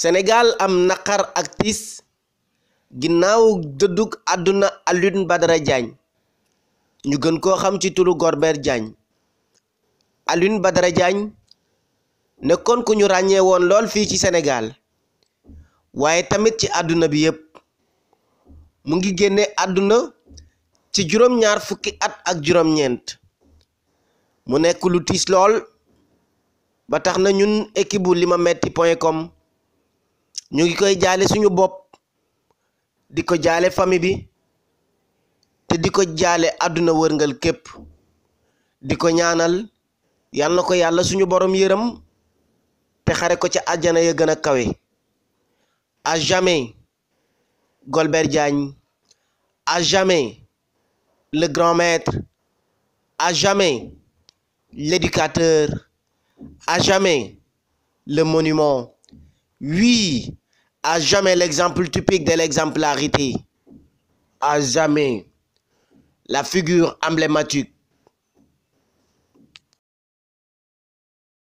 Sénégal am naqar ak tiis ginnaawu dëddug àdduna Alioune Badara jaañ ñu gën koo xam ci turu Golbert Diagne Alioune Badara Diagne nekkoon ku ñu ràññee woon lool fii ci Sénégal waaye tamit ci àdduna bi yépp mu ngi génne àdduna ci juróom-ñaar fukki at ak juróom-ñeent mu nekk lu tis lool ba tax na ñun équipe lima metti point com ñu ngi koy jaale suñu bopp di ko jaale famille bi te di ko jaale àdduna wërngal képp di ko ñaanal yal na ko yàlla suñu borom yërëm te xare ko ca àjjana ya gën a kawe à jamais Golbert Diagne à jamais le grand maître à jamais l'éducateur à jamais le monument oui À jamais l'exemple typique de l'exemplarité. À jamais la figure emblématique